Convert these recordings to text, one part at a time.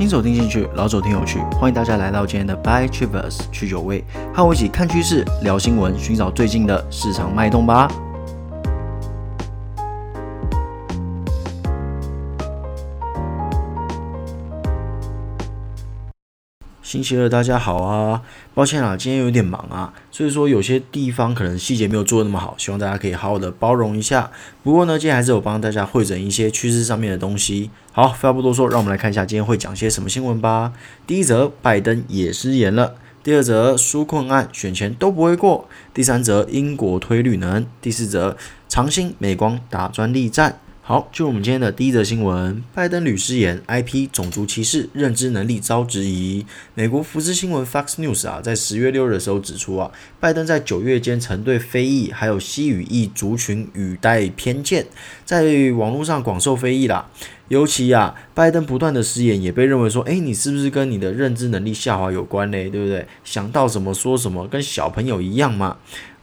新手聽進去，老手聽有趣，歡迎大家來到今天的 Bytrivers 去酒味，和我一起看趨勢、聊新聞，尋找最近的市場脈動吧。星期二，大家好啊！抱歉啊，今天有點忙啊，所以說有些地方可能細節沒有做得那麼好，希望大家可以好好的包容一下。不過呢，今天還是有幫大家匯整一些趨勢上面的東西。好，廢話不多說，讓我們來看一下今天會講些什麼新聞吧。第一則，拜登也失言了；第二則，紓困案選前都不會過；第三則，英國推綠能；第四則，長鑫美光打專利戰。好，就是我們今天的第一則新聞。拜登屢失言，IP 種族歧視認知能力遭質疑。美國福斯新聞 Fox News 啊，在十月六日的時候指出啊，拜登在九月間曾對非裔還有西語裔族群語帶偏見，在網絡上廣受非議啦。尤其啊，拜登不斷的失言也被認為說，誒，你是不是跟你的認知能力下滑有關呢？對不對？想到什麼說什麼，跟小朋友一樣嘛。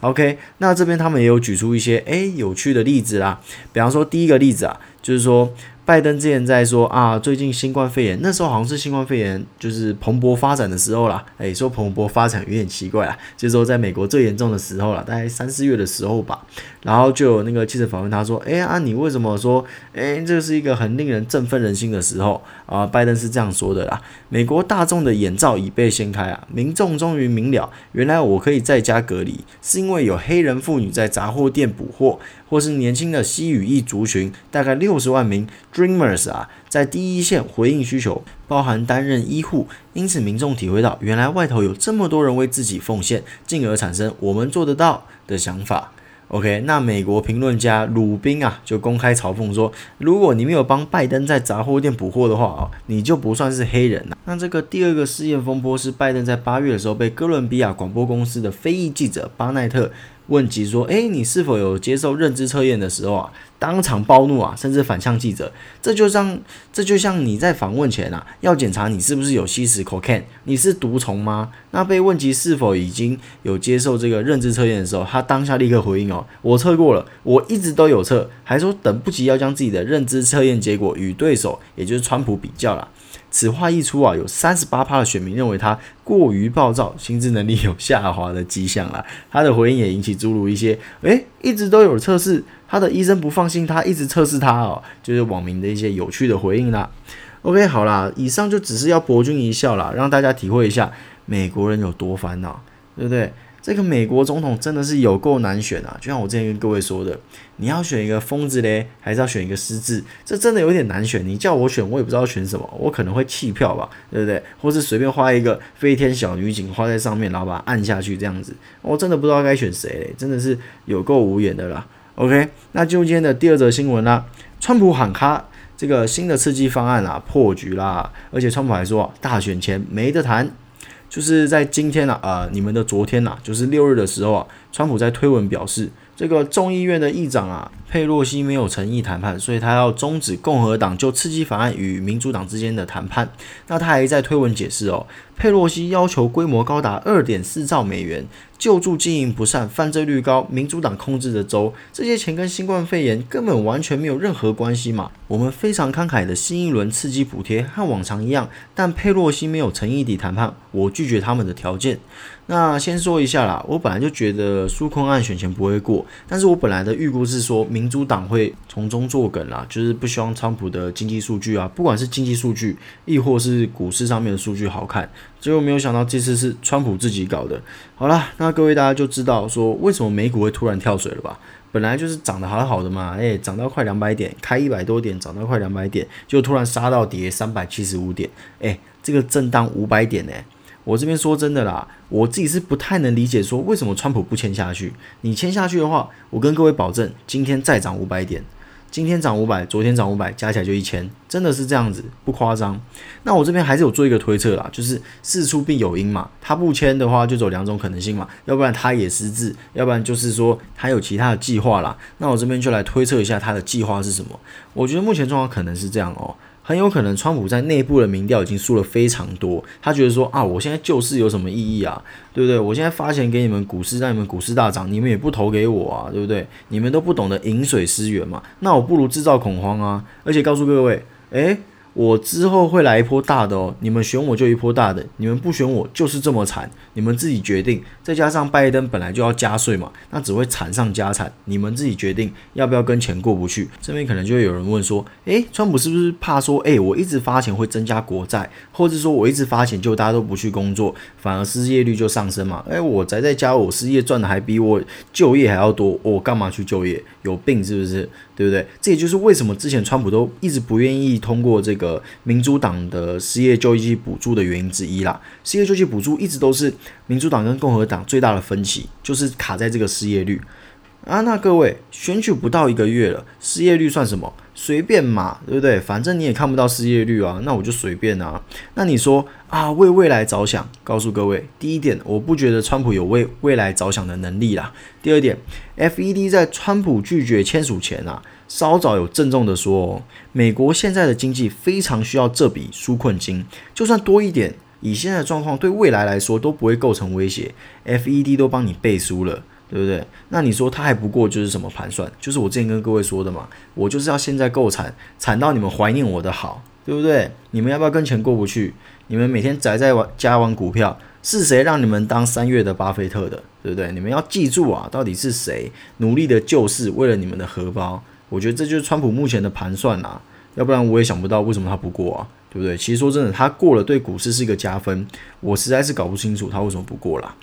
OK，那這邊他們也有舉出一些哎、欸、有趣的例子啦，比方說第一個例子啊，就是說拜登之前在說啊，最近新冠肺炎那時候好像是新冠肺炎就是蓬勃發展的時候啦，哎、欸、說蓬勃發展有點奇怪啦，就是說在美國最嚴重的時候了，大概三四月的時候吧，然後就有那個記者訪問他說，哎、欸、呀，啊、你為什麼說，哎、欸、這是一個很令人振奮人心的時候。啊，拜登是這樣說的啦。美國大眾的眼罩已被掀開啊，民眾終於明了，原來我可以在家隔離，是因為有黑人婦女在雜貨店補貨，或是年輕的西語裔族群，大概六十萬名 Dreamers 啊，在第一線回應需求，包含擔任醫護，因此民眾體會到，原來外頭有這麼多人為自己奉獻，進而產生我們做得到的想法。O.K. 那美國評論家魯賓啊，就公開嘲諷說，如果你沒有幫拜登在雜貨店補貨的話啊，你就不算是黑人吶、啊。那這個第二個事件風波是拜登在八月的時候被哥倫比亞廣播公司的非裔記者巴奈特。問及說：“哎，你是否有接受認知測驗的時候啊？”當場暴怒啊，甚至反向記者。這就像這就像你在訪問前啊，要檢查你是不是有吸食 cocaine，你是毒蟲嗎？那被問及是否已經有接受這個認知測驗的時候，他當下立刻回應：“哦，我測過了，我一直都有測，還說等不及要將自己的認知測驗結果與對手，也就是川普比較了。”此話一出啊，有三十八趴的選民認為他過於暴躁，心智能力有下滑的跡象啦。他的回應也引起諸如一些，哎，一直都有測試，他的醫生不放心他，一直測試他哦，就是網民的一些有趣的回應啦。OK，好啦，以上就只是要博君一笑啦，讓大家體會一下美國人有多煩惱，對不對？這個美國總統真的是有夠難選啊！就像我之前跟各位說的，你要選一個瘋子嘞，還是要選一個失智？這真的有點難選。你叫我選，我也不知道選什麼，我可能會棄票吧，對不對？或是隨便畫一個飛天小女警畫在上面，然後把它按下去這樣子。我真的不知道該選誰嘞，真的是有夠無言的啦。OK，那就今天的第二則新聞啦，川普喊卡這個新的刺激方案啊，破局啦！而且川普還說，大選前沒得談。就是在今天啊，呃，你們的昨天吶，就是六日的時候啊，川普在推文表示，這個眾議院的議長啊佩洛西，沒有誠意談判，所以他要終止共和黨就刺激法案與民主黨之間的談判。那他還在推文解釋哦。佩洛西要求規模高達二點四兆美元，救助經營不善、犯罪率高、民主黨控制的州，這些錢跟新冠肺炎根本完全沒有任何關係嘛？我們非常慷慨的新一輪刺激補貼和往常一樣，但佩洛西沒有誠意地談判，我拒絕他們的條件。那先說一下啦，我本來就覺得紓困案選前不會過，但是我本來的預估是說民主黨會從中作梗啦，就是不希望川普的經濟數據啊，不管是經濟數據亦或是股市上面的數據好看。結果沒有想到這次是川普自己搞的。好啦，那各位大家就知道說為什麼美股會突然跳水了吧？本來就是漲得好好的嘛，哎、欸，漲到快兩百點，開一百多點，漲到快兩百點，就突然殺到跌三百七十五點，哎、欸，這個震盪五百點呢、欸。我這邊說真的啦，我自己是不太能理解說為什麼川普不簽下去。你簽下去的話，我跟各位保證，今天再漲五百點。今天漲五百，昨天漲五百，加起來就一千，真的是這樣子，不誇張。那我這邊還是有做一個推測啦，就是事出必有因嘛，他不簽的話，就走兩種可能性嘛，要不然他也失智，要不然就是說他有其他的計劃啦。那我這邊就來推測一下他的計劃是什麼，我覺得目前狀況可能是這樣喔。很有可能，川普在內部的民調已經輸了非常多。他覺得說啊，我現在救市有什麼意義啊？對不對？我現在發錢給你們股市，讓你們股市大漲，你們也不投給我啊，對不對？你們都不懂得飲水思源嘛？那我不如製造恐慌啊！而且告訴各位，誒，我之後會來一波大的哦。你們選我就一波大的，你們不選我就是這麼慘。你們自己決定，再加上拜登本來就要加稅嘛，那只會慘上加慘。你們自己決定要不要跟錢過不去。這邊可能就會有人問說，誒，川普是不是怕說，誒，我一直發錢會增加國債，或者說我一直發錢就大家都不去工作，反而失業率就上升嘛？誒，我宅在家，我失業賺的還比我就業還要多，我幹嘛去就業？有病是不是？對不對？這也就是為什麼之前川普都一直不願意通過這個民主黨的失業救濟補助的原因之一啦。失業救濟補助一直都是。民主黨跟共和黨最大的分歧就是卡在這個失業率啊，那各位選舉不到一個月了，失業率算什麼？隨便嘛，對不對？反正你也看不到失業率啊，那我就隨便啊。那你說啊，為未來着想，告訴各位，第一點，我不覺得川普有為未來着想的能力啦。第二點，FED 在川普拒絕簽署前啊，稍早有鄭重的說哦，美國現在的經濟非常需要這筆紓困金，就算多一點。以現在的狀況，對未來來說都不會構成威脅。FED 都幫你背書了，對不對？那你說他還不過就是什麼盤算？就是我之前跟各位說的嘛，我就是要現在夠慘，慘到你們懷念我的好，對不對？你們要不要跟錢過不去？你們每天宅在家玩加完股票，是誰讓你們當三月的巴菲特的？對不對？你們要記住啊，到底是誰努力的救市，就是為了你們的荷包？我覺得這就是川普目前的盤算吶、啊，要不然我也想不到為什麼他不過啊。對不對？其實說真的，他過了對股市是一個加分。我實在是搞不清楚他為什麼不過了。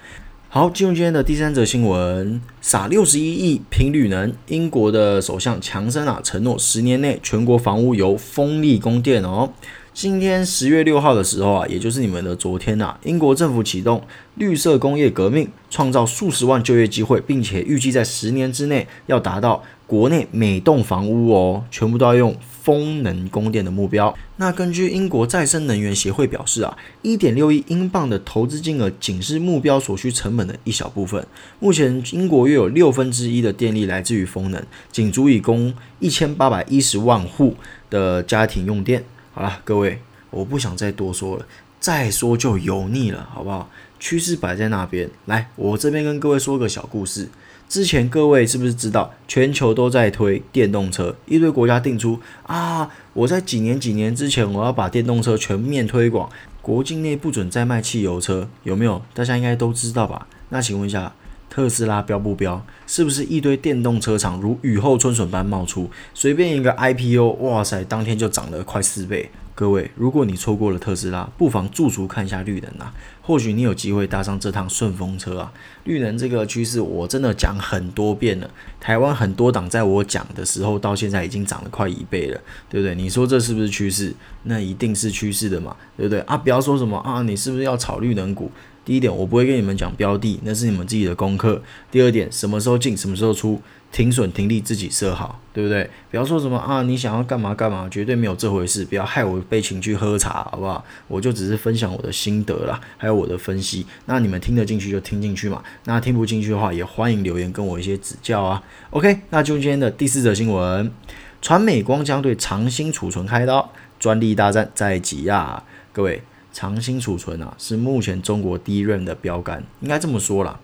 好，進入今天的第三則新聞，撒六十一億拼綠能。英國的首相強森啊，承諾十年內全國房屋由風力供電哦。今天十月六號的時候啊，也就是你們的昨天吶、啊，英國政府啟動綠色工業革命，創造數十萬就業機會，並且預計在十年之內要達到。國內每棟房屋哦，全部都要用風能供電的目標。那根據英國再生能源協會表示啊，一點六億英鎊的投資金額，僅是目標所需成本的一小部分。目前英國約有六分之一的電力來自於風能，僅足以供一千八百一十萬戶的家庭用電。好了，各位，我不想再多說了，再說就油膩了，好不好？趨勢擺在那邊。來，我這邊跟各位說個小故事。之前各位是不是知道，全球都在推電動車？一堆國家定出啊，我在幾年幾年之前，我要把電動車全面推廣，國境內不准再賣汽油車，有沒有？大家應該都知道吧？那請問一下。特斯拉飆不飆？是不是一堆電動車廠如雨後春筍般冒出？隨便一個 IPO，哇塞，當天就漲了快四倍！各位，如果你錯過了特斯拉，不妨駐足看一下綠能啊，或許你有機會搭上這趟順風車啊！綠能這個趨勢，我真的講很多遍了。台灣很多檔在我講的時候，到現在已經漲了快一倍了，對不對？你說這是不是趨勢？那一定是趨勢的嘛，對不對？啊，不要說什麼啊，你是不是要炒綠能股？第一點，我不會跟你們講標的，那是你們自己的功課。第二點，什麼時候進，什麼時候出，停損停利自己設好，對不對？不要說什麼啊，你想要幹嘛幹嘛，絕對沒有這回事，不要害我被請去喝茶，好不好？我就只是分享我的心得啦，還有我的分析。那你們聽得進去就聽進去嘛，那聽不進去的話，也歡迎留言跟我一些指教啊。OK，那就今天的第四則新聞，傳美光將對長鑫儲存開刀，專利大戰在即啊，各位。長鑫儲存啊，是目前中國 DRAM 的標杆，應該這麼說啦。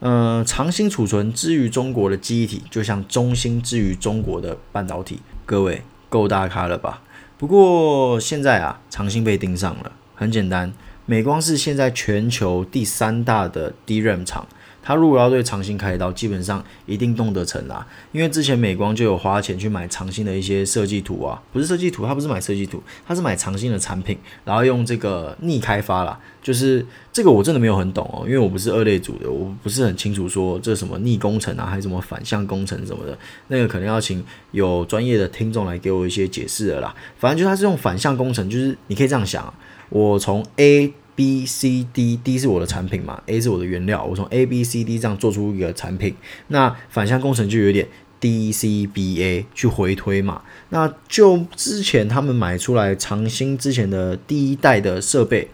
呃，長鑫儲存之於中國的記憶體，就像中芯之於中國的半導體，各位夠大咖了吧？不過現在啊，長鑫被盯上了，很簡單，美光是現在全球第三大的 DRAM 廠。他如果要對長鑫開刀，基本上一定動得成啦，啊，因為之前美光就有花錢去買長鑫的一些設計圖啊，不是設計圖，它不是買設計圖，它是買長鑫的產品，然後用這個逆開發啦，就是這個我真的沒有很懂哦，因為我不是二類組的，我不是很清楚說這什麼逆工程啊，還是什麼反向工程什麼的，那個可能要請有專業的聽眾來給我一些解釋的啦，反正就是它是用反向工程，就是你可以這樣想，啊，我從 A。B C D D 是我的產品嘛，A 是我的原料，我從 A B C D 這樣做出一個產品，那反向工程就有點 D C B A 去回推嘛。那就之前他們買出來長鑫之前的第一代的設備，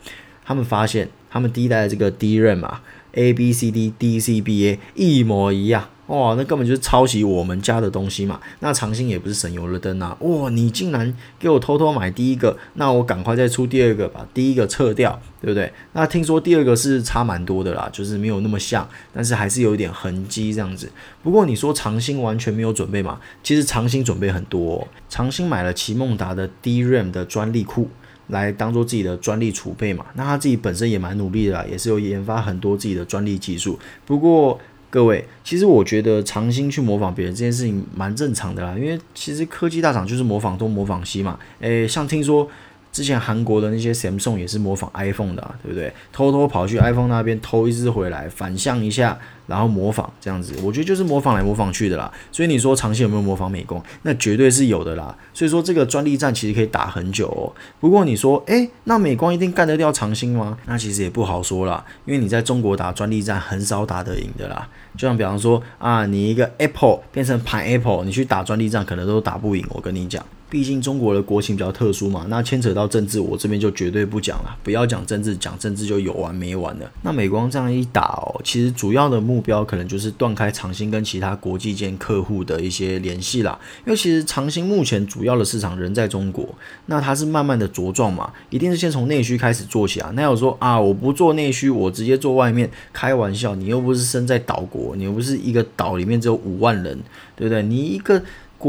他們發現他們第一代的這個 DRAM 嘛。abcd dcba 一模一樣哇、哦，那根本就是抄襲我們家的東西嘛。那長鑫也不是省油的燈啊，哇、哦，你竟然給我偷偷買第一個，那我趕快再出第二個吧，把第一個撤掉，對不對？那聽說第二個是差蠻多的啦，就是沒有那麼像，但是還是有一點痕迹這樣子。不過你說長鑫完全沒有準備嘛？其實長鑫準備很多、哦，長鑫買了奇夢達的 DRAM 的專利庫。來當做自己的專利儲備嘛，那他自己本身也蠻努力的啦，也是有研發很多自己的專利技術。不過各位，其實我覺得長鑫去模仿別人這件事情蠻正常的啦，因為其實科技大廠就是模仿東模仿西嘛。誒，像聽說。之前韓國的那些 Samsung 也是模仿 iPhone 的啊，對不對？偷偷跑去 iPhone 那邊偷一只回來，反向一下，然後模仿這樣子，我覺得就是模仿來模仿去的啦。所以你說長鑫有沒有模仿美光？那絕對是有的啦。所以說這個專利戰其實可以打很久哦。不過你說，誒、欸，那美光一定幹得掉長鑫嗎？那其實也不好說啦，因為你在中國打專利戰很少打得贏的啦。就像比方說啊，你一個 Apple 變成 pineapple，你去打專利戰可能都打不贏。我跟你講。畢竟中國的國情比較特殊嘛，那牽扯到政治，我這邊就絕對不講了。不要講政治，講政治就有完沒完的。那美光這樣一打哦，其實主要的目標可能就是斷開長鑫跟其他國際間客戶的一些聯繫啦。因為其實長鑫目前主要的市場仍在中國，那它是慢慢的茁壯嘛，一定是先從內需開始做起啊。那有說啊，我不做內需，我直接做外面，開玩笑，你又不是身在島國，你又不是一個島裡面只有五萬人，對不對？你一個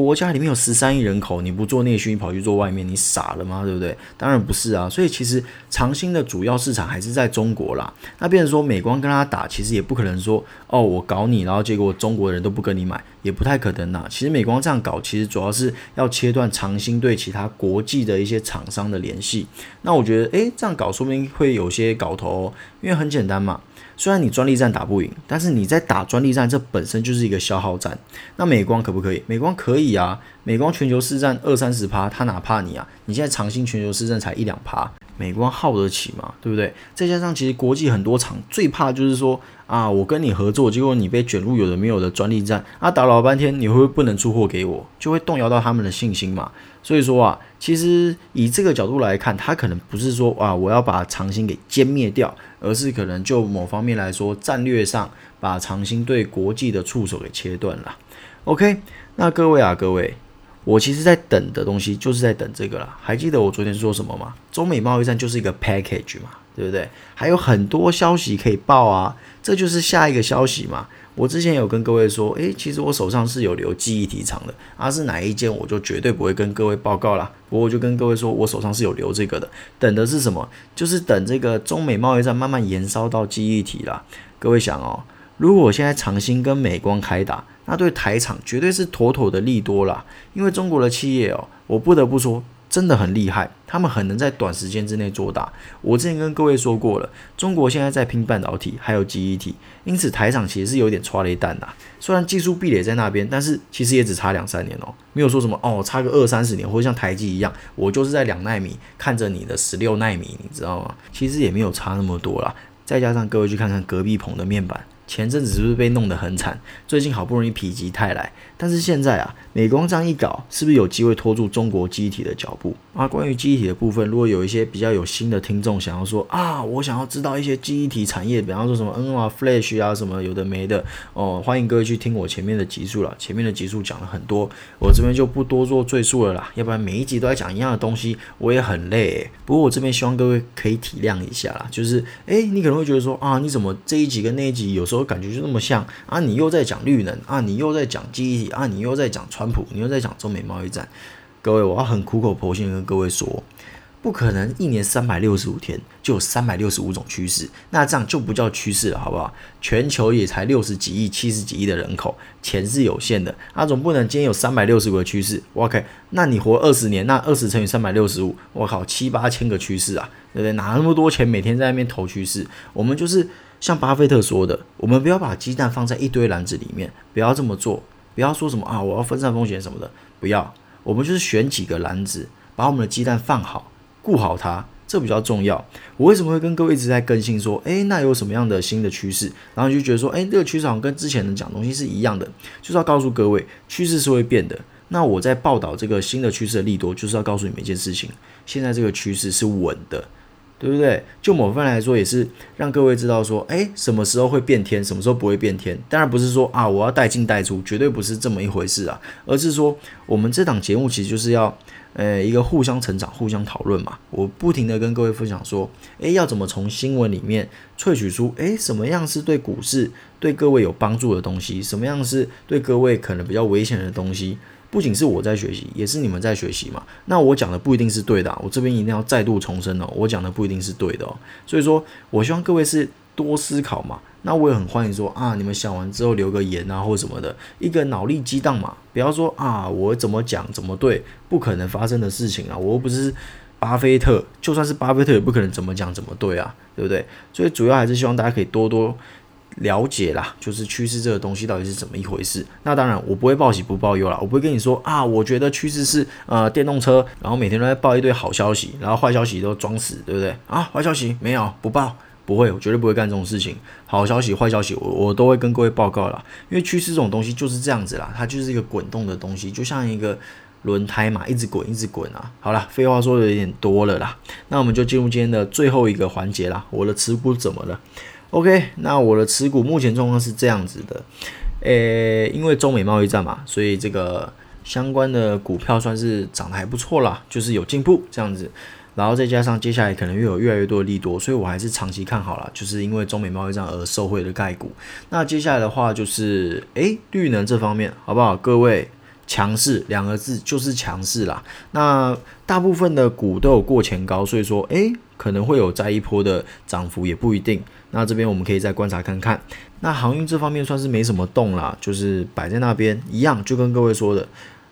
國家裡面有十三億人口，你不做內需，你跑去做外面，你傻了嗎？對不對？當然不是啊。所以其實長鑫的主要市場還是在中國啦。那變成說美光跟他打，其實也不可能說哦，我搞你，然後結果中國的人都不跟你買，也不太可能啦、啊。其實美光這樣搞，其實主要是要切斷長鑫對其他國際的一些廠商的聯繫。那我覺得，誒，這樣搞說不定會有些搞頭、哦，因為很簡單嘛。雖然你專利戰打不贏，但是你在打專利戰，這本身就是一個消耗戰。那美光可不可以？美光可以啊，美光全球市占二三十趴，他哪怕你啊，你現在長鑫全球市占才一兩趴，美光耗得起嘛，對不對？再加上其實國際很多廠最怕就是說啊，我跟你合作，結果你被捲入有的沒有的專利戰啊，打老半天你會不會不能出貨給我，就會動搖到他們的信心嘛。所以說啊，其實以這個角度來看，他可能不是說啊，我要把長鑫給殲滅掉，而是可能就某方面來說，戰略上把長鑫對國際的觸手給切斷了。OK，那各位啊，各位。我其實在等的東西，就是在等這個了。還記得我昨天說什麼嗎？中美貿易戰就是一個 package 嘛，對不對？還有很多消息可以報啊，這就是下一個消息嘛。我之前有跟各位說，誒，其實我手上是有留記憶體廠的，啊，是哪一間，我就絕對不會跟各位報告啦。不過我就跟各位說，我手上是有留這個的。等的是什麼？就是等這個中美貿易戰慢慢延燒到記憶體啦。各位想哦。如果我現在長鑫跟美光開打，那對台廠絕對是妥妥的利多啦。因為中國的企業哦、喔,我不得不說真的很厲害，他們很能在短時間之內做大。我之前跟各位說過了，中國現在在拼半導體，還有記憶體，因此台廠其實是有點剉咧等的。雖然技術壁壘在那邊，但是其實也只差兩三年哦、喔，沒有說什麼哦，差個二三十年，或者像台積一樣，我就是在兩納米看着你的十六納米，你知道嗎？其實也沒有差那麼多啦。再加上各位去看看隔壁棚的面板。前陣子是不是被弄得很慘？最近好不容易否極泰來。但是現在啊，美光這樣一搞，是不是有機會拖住中國記憶體的腳步啊？關於記憶體的部分，如果有一些比較有心的聽眾想要說啊，我想要知道一些記憶體產業，比方說什麼 n r 啊、Flash 啊什麼有的沒的哦、呃，歡迎各位去聽我前面的集數了。前面的集數講了很多，我這邊就不多做贅述了啦，要不然每一集都在講一樣的東西，我也很累，欸。不過我這邊希望各位可以體諒一下啦，就是哎，欸，你可能會覺得說啊，你怎麼這一集跟那一集有時候感覺就那麼像啊？你又在講綠能啊，你又在講記憶。啊！你又在講川普，你又在講中美貿易戰。各位，我要很苦口婆心跟各位說，不可能一年三百六十五天就有三百六十五種趨勢，那這樣就不叫趨勢了，好不好？全球也才六十幾億、七十幾億的人口，錢是有限的啊，總不能今天有三百六十五個趨勢。OK，那你活二十年，那二十乘以三百六十五，我靠，七八千個趨勢啊，對不對？拿那麼多錢每天在那邊投趨勢？我們就是像巴菲特說的，我們不要把雞蛋放在一堆籃子裡面，不要這麼做。不要說什麼啊，我要分散風險什麼的，不要。我們就是選幾個籃子，把我們的雞蛋放好，顧好它，這比較重要。我為什麼會跟各位一直在更新說，哎，那有什麼樣的新的趨勢？然後就覺得說，哎，這個趨勢好像跟之前講的東西是一樣的，就是要告訴各位，趨勢是會變的。那我在報道這個新的趨勢的利多，就是要告訴你們一件事情，現在這個趨勢是穩的。對不對？就某份來說，也是讓各位知道說，哎，什麼時候會變天，什麼時候不會變天。當然不是說啊，我要帶進帶出，絕對不是這麼一回事啊。而是說，我們這檔節目其實就是要，呃，一個互相成長、互相討論嘛。我不停的跟各位分享說，哎，要怎麼從新聞裡面萃取出，哎，什麼樣是對股市、對各位有幫助的東西，什麼樣是對各位可能比較危險的東西。不僅是我在學習，也是你們在學習嘛。那我講的不一定是對的啊，我這邊一定要再度重申哦，我講的不一定是對的哦。所以說我希望各位是多思考嘛。那我也很歡迎說啊，你們想完之後留個言啊，或什麼的一個腦力激盪嘛。不要說啊，我怎麼講怎麼對，不可能發生的事情啊。我又不是巴菲特，就算是巴菲特也不可能怎麼講怎麼對啊，對不對？所以主要還是希望大家可以多多了解啦，就是趨勢這個東西到底是怎麼一回事？那當然我不會報喜不報憂啦，我不會跟你說啊，我覺得趨勢是呃電動車，然後每天都在報一堆好消息，然後壞消息都裝死，對不對？啊，壞消息沒有不報，不會，我絕對不會幹這種事情。好消息壞消息我我都會跟各位報告啦。因為趨勢這種東西就是這樣子啦，它就是一個滾動的東西，就像一個輪胎嘛，一直滾一直滾啊。好啦，廢話說的有點多了啦，那我們就進入今天的最後一個環節啦，我的持股怎麼了？OK，那我的持股目前狀況是這樣子的，誒、欸，因為中美貿易戰嘛，所以這個相關的股票算是漲得還不錯啦，就是有進步這樣子，然後再加上接下來可能又有越來越多的利多，所以我還是長期看好啦，就是因為中美貿易戰而受惠的概股。那接下來的話就是，誒、欸，綠能這方面好不好？各位，強勢兩個字就是強勢啦，那大部分的股都有過前高，所以說，誒、欸。可能會有再一波的漲幅，也不一定。那這邊我們可以再觀察看看。那航運這方面算是沒什麼動了，就是擺在那邊一樣，就跟各位說的，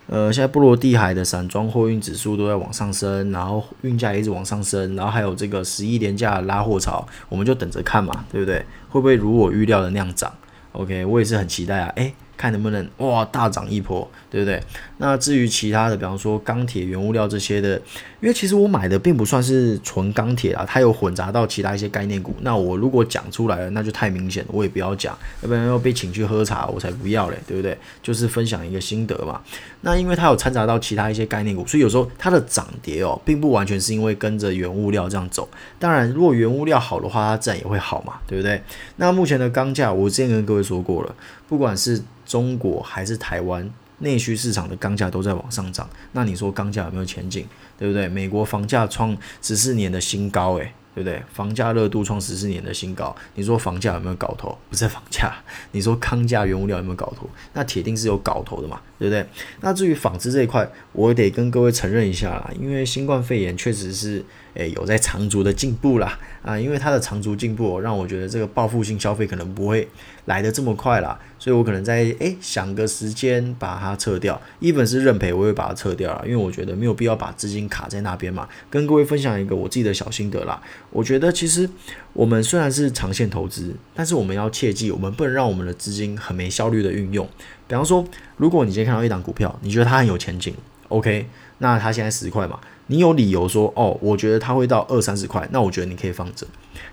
呃，現在波羅的海的散裝貨運指數都在往上升，然後運價也一直往上升，然後還有這個十一連假拉貨潮，我們就等着看嘛，對不對？會不會如我預料的那樣漲？OK，我也是很期待啊。誒、欸。看能不能哇大漲一波，對不對？那至於其他的，比方說鋼鐵、原物料這些的，因為其實我買的並不算是純鋼鐵啊，它有混雜到其他一些概念股。那我如果講出來了，那就太明顯了，我也不要講，要不然要被請去喝茶，我才不要嘞，對不對？就是分享一個心得嘛。那因為它有摻雜到其他一些概念股，所以有時候它的漲跌哦，並不完全是因為跟着原物料這樣走。當然，如果原物料好的話，它自然也會好嘛，對不對？那目前的鋼價，我之前跟各位說過了，不管是中國還是臺灣內需市場的鋼價都在往上漲，那你說鋼價有沒有前景？對不對？美國房價創十四年的新高，欸，誒，對不對？房價熱度創十四年的新高，你說房價有沒有搞頭？不是房價，你說鋼價原物料有沒有搞頭？那鐵定是有搞頭的嘛，對不對？那至於紡織這一塊，我得跟各位承認一下啦，因為新冠肺炎確實是。哎，有在長足的進步啦，啊、呃！因為它的長足進步，哦，讓我覺得這個報復性消費可能不會來得這麼快啦。所以我可能在哎想個時間把它撤掉。一本是認賠，我會把它撤掉了，因為我覺得沒有必要把資金卡在那邊嘛。跟各位分享一個我自己的小心得啦，我覺得其實我們雖然是長線投資，但是我們要切記，我們不能讓我們的資金很沒效率的運用。比方說，如果你今天看到一檔股票，你覺得它很有前景，OK，那它現在十塊嘛。你有理由說哦，我覺得它會到二三十塊，那我覺得你可以放着。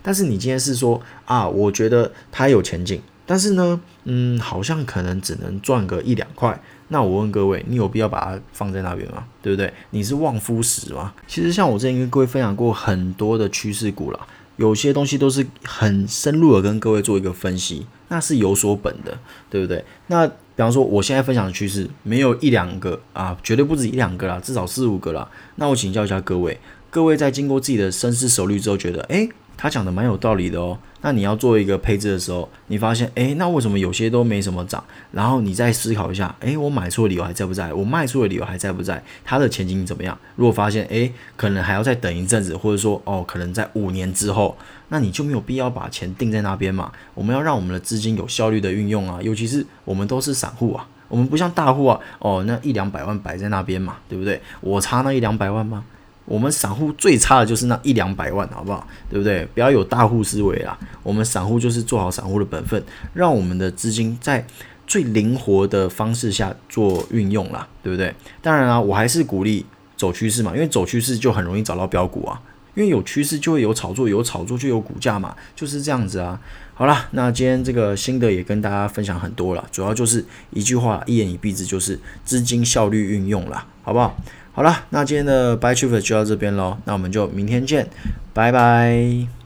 但是你今天是說啊，我覺得它有前景，但是呢，嗯，好像可能只能賺個一兩塊。那我問各位，你有必要把它放在那邊嗎？對不對？你是望夫石嗎？其實像我之前跟各位分享過很多的趨勢股了。有些東西都是很深入的，跟各位做一個分析，那是有所本的，對不對？那比方說，我現在分享的趨勢，沒有一兩個啊，絕對不止一兩個了，至少四五個了。那我請教一下各位，各位在經過自己的深思熟慮之後，覺得，誒。他講的蠻有道理的哦。那你要做一個配置的時候，你發現，誒，那為什麼有些都沒什麼漲？然後你再思考一下，誒，我買錯的理由還在不在？我賣錯的理由還在不在？它的前景怎麼樣？如果發現，誒，可能還要再等一陣子，或者說，哦，可能在五年之後，那你就沒有必要把錢定在那邊嘛。我們要讓我們的資金有效率的運用啊，尤其是我們都是散戶啊，我們不像大戶啊，哦，那一兩百萬擺在那邊嘛，對不對？我差那一兩百萬嗎？我們散戶最差的就是那一兩百萬，好不好？對不對？不要有大戶思維啦。我們散戶就是做好散戶的本分，讓我們的資金在最靈活的方式下做運用啦，對不對？當然啦，我還是鼓勵走趨勢嘛，因為走趨勢就很容易找到標股啊。因為有趨勢就會有炒作，有炒作就有股價嘛，就是這樣子啊。好啦，那今天這個心得也跟大家分享很多了，主要就是一句話，一言以蔽之就是資金效率運用啦，好不好？好啦，那今天的白痴粉就到這邊嘍，那我們就明天見，拜拜。